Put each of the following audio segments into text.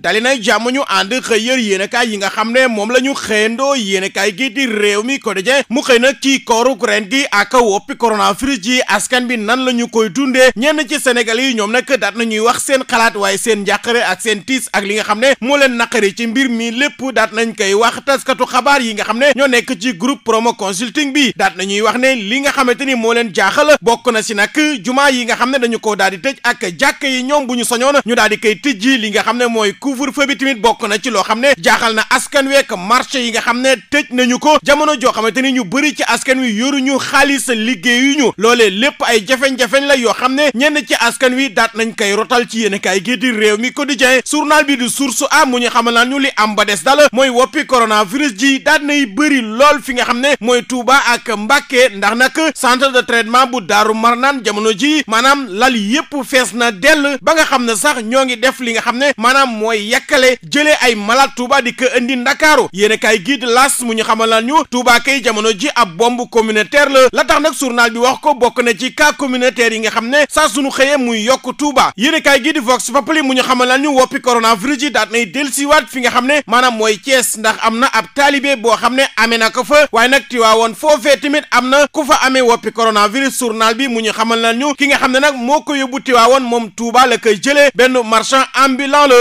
dali nag jàmm ñu ànd xëy yër yéenekaay yi nga xam ne moom la ñu xëyandoo yéenekaay gi di réew mi quotidien mu xëy nag ci kooruk ren gi ak woppi coronavirus ji askan bi nan la ñu koy dundee ñenn ci Sénégal yi ñoom nag daat nañuy wax seen xalaat waaye seen njàqare ak seen tiis ak li nga xam ne moo leen naqari ci mbir mi lépp daat nañ koy wax taskatu xabaar yi nga xam ne ñoo nekk ci groupe promo consulting bi daat nañuy wax ne li nga xamante ni moo leen jaaxal bokk na si nag jumaa yi nga xam ne dañu ko daal di tëj ak jàkk yi ñoom bu ñu soñoon ñu daal di koy tijji li nga xam ne mooy couvre-feu bi bokk na ci loo xam ne jaaxal na askan week marché yi nga xam ne tëj nañu ko jamono joo xamante ni ñu bëri ci askan wi yoru ñu yoruñu xaalis liggéeyuñu loole lépp ay jafe-jafe la yoo xam ne ñenn ci askan wi daat nañ koy rotal ci yéen kaay gi di réew mi quotidien journal bi du source a mu ñu xamal naa ñu li am ba des dal mooy woppi coronavirus ji daat nay bëri lool fi nga xam ne mooy Touba ak Mbàkke ndax nag centre de traitement bu Daaru Marnaan jamono ji maanaam lal yépp fees na dell ba nga xam ne sax ñoo ngi def li nga xam ne maanaam mooy yàkkale jëlee ay malade Touba di ko indi Ndakaaru yéen a kaay gii di las mu ñu xamal la ñu Touba kay jamono ji ab bomb communautaire la la tax nag journal bi wax ko bokk na ci cas communautaire yi nga xam ne sa sunu xëyee muy yokk Touba yéen a kaay gii di Vox Populi mu ñu xamal la ñu woppi coronavirus yi daat nay wat fi nga xam ne maanaam mooy Thiès ndax am na ab taalibe boo xam ne amee na ko fa waaye nag Tiwaawoon foofee tamit am na ku fa amee woppi coronavirus journal bi mu ñu xamal la ñu ki nga xam ne nag moo ko yóbbu Tiwaawoon moom Touba la koy jëlee benn marchand ambulant la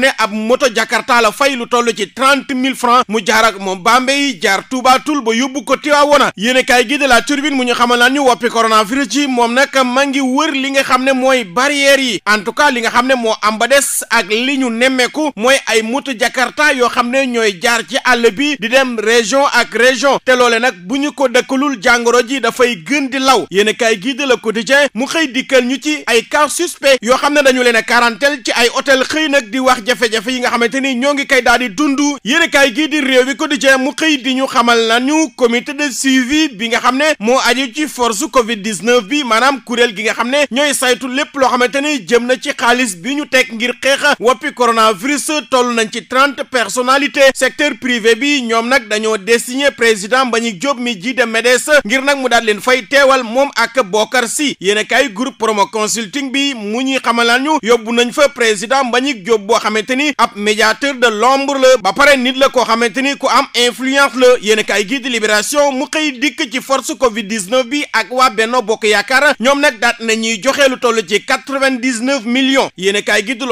xam ne ab moto jakarta la fay lu toll ci trente mille francs mu jaar ak moom Bambey jaar Touba ba yóbbu ko Tiwaawoona yéene kaay gi de la turbine mu ñu xamal naan ñu woppi coronavirus ci moom nag ma ngi wër li nga xam ne mooy barrières yi en tout cas li nga xam ne moo am ba des ak li ñu nemmeeku mooy ay moto jakarta yoo xam ne ñooy jaar ci àll bi di dem région ak région te loole nag bu ñu ko dëkkalul jàngoro ji dafay gën di law yéene kaay gi de la quotidien mu xëy dikkal ñu ci ay cas yoo xam ne dañu leen a quarantaine ci ay hôtel xëy nag di wax jafe-jafe yi nga xamante ni ñoo ngi kay daal di dund yéenekaay gii di réew mi quotidien mu xëy di ñu xamal nañu comité de suivi bi nga xam ne moo aju ci force covid 19 bi maanaam kuréel gi nga xam ne ñooy saytu lépp loo xamante ni jëm na ci xaalis bi ñu teg ngir xeex woppi coronavirus toll nañ ci trente personnalités secteur privé bi ñoom nag dañoo désigné président Mbagnick Diop mi jiite MEDES ngir nag mu daal leen fay teewal moom ak Bokar Si yéenekaay groupe promo consulting bi mu ñuy xamal nañu yóbbu nañ fa président Mbagnick Diop boo xam ni ab médiateur de l'ombre la ba pare nit la koo xamante ni ku am influence la yéen kaay gii di libération mu xëy dikk ci force Covid 19 bi ak waa Benno Bokk Yaakaar ñoom nag daat na ñuy joxe lu toll ci quatre-vingt-dix-neuf millions yéen kaay gii di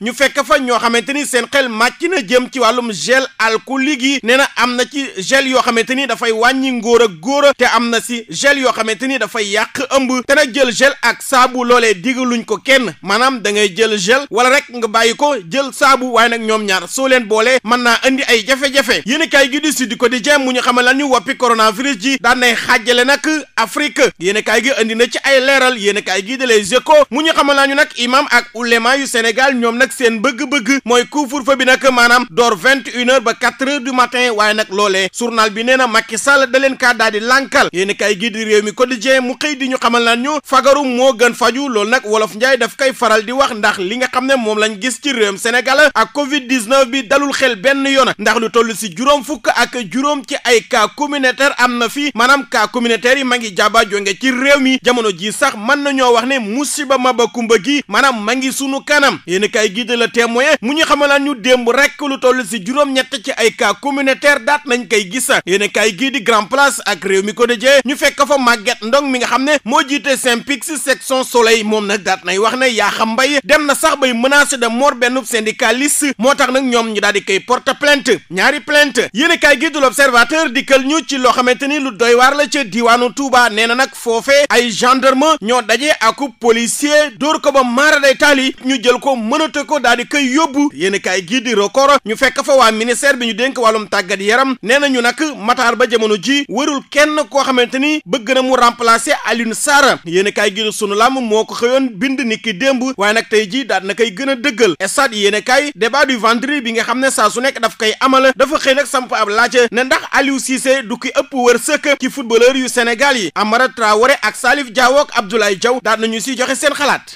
ñu fekk fa ñoo xamante ni seen xel màcc na jëm ci wàllum gel alcoolique yi nee na am na ci gel yoo xamante ni dafay wàññi ngóor ak góor te am na si gel yoo xamante ni dafay yàq ëmb te nag jël gel ak saabu loolee digaluñ ko kenn maanaam da ngay jël gel wala rek nga bàyyi loxo jël saabu waaye nag ñoom ñaar soo leen boolee mën naa andi ay jafe-jafe yéen kaay gi di Sud Quotidien mu ñu xamal lan ñu woppi coronavirus ji daan nay xaajale Afrique yéen kaay gi andi na ci ay leeral yéen kaay gi de Les Échos mu ñu xamal laa ñu nag imam ak ulema yu ñoom nag seen bëgg-bëgg mooy couvre-feu bi nag maanaam door vingt une heure ba quatre heures du matin waaye nag loolee journal bi nee na Macky Sall da leen kaa daal di lànkal yéen kaay gi di réew mi Quotidien mu xëy di ñu xamal lan ñu fagaru moo gën faju loolu nag wolof réewam Sénégal ak Covid 19 bi dalul xel benn yoon ndax lu toll si juróom fukk ak juróom ci ay kaa communautaire am na fi maanaam cas communautaire yi ma ngi jaaba jonge ci réew mi jamono ji sax mën nañoo wax ne musiba ba kumba gi maanaam ma ngi sunu kanam yéen kay gi de la témoin mu ñu xamalaan ñu démb rek lu toll si juróom-ñett ci ay cas communautaire daat nañ koy gis yéen kay gii di grand place ak réew mi ko dëjee ñu fekk fa màgget Ndong mi nga xam ne moo jiite Synpics section soleil moom nag daat nay wax na sax bay benn syndicaliste moo tax nag ñoom ñu daal di koy porte plainte ñaari plainte yéen kaay gi du l'observateur dikkal ñu ci loo xamante ni lu doy waar la ca diwaanu Touba nee na nag foofe ay gendarme ñoo daje ak policier door ko ba maara day taali ñu jël ko mënate ko daal di koy yóbbu yéen kaay gi di record ñu fekk fa waa ministère bi ñu dénk wàllum tàggat yaram nee nañu ñu nag Matar Ba jamono ji wërul kenn koo xamante ni bëgg na mu remplacer Alioune Sarr yéen kaay sunu lam moo ko xëyoon bind ni ki démb nag tey ji daal na koy gën a dëggal stade yéen a kaay débat du vendredi bi nga xam ne saa su nekk daf koy amal dafa xëy nag samp ab laaj ne ndax Aliou Cissé du ki ëpp wërsëg ci footballeur yu Sénégal yi Amara Traoré ak Salif Diao ak Abdoulaye Diaw daan nañu si joxe seen xalaat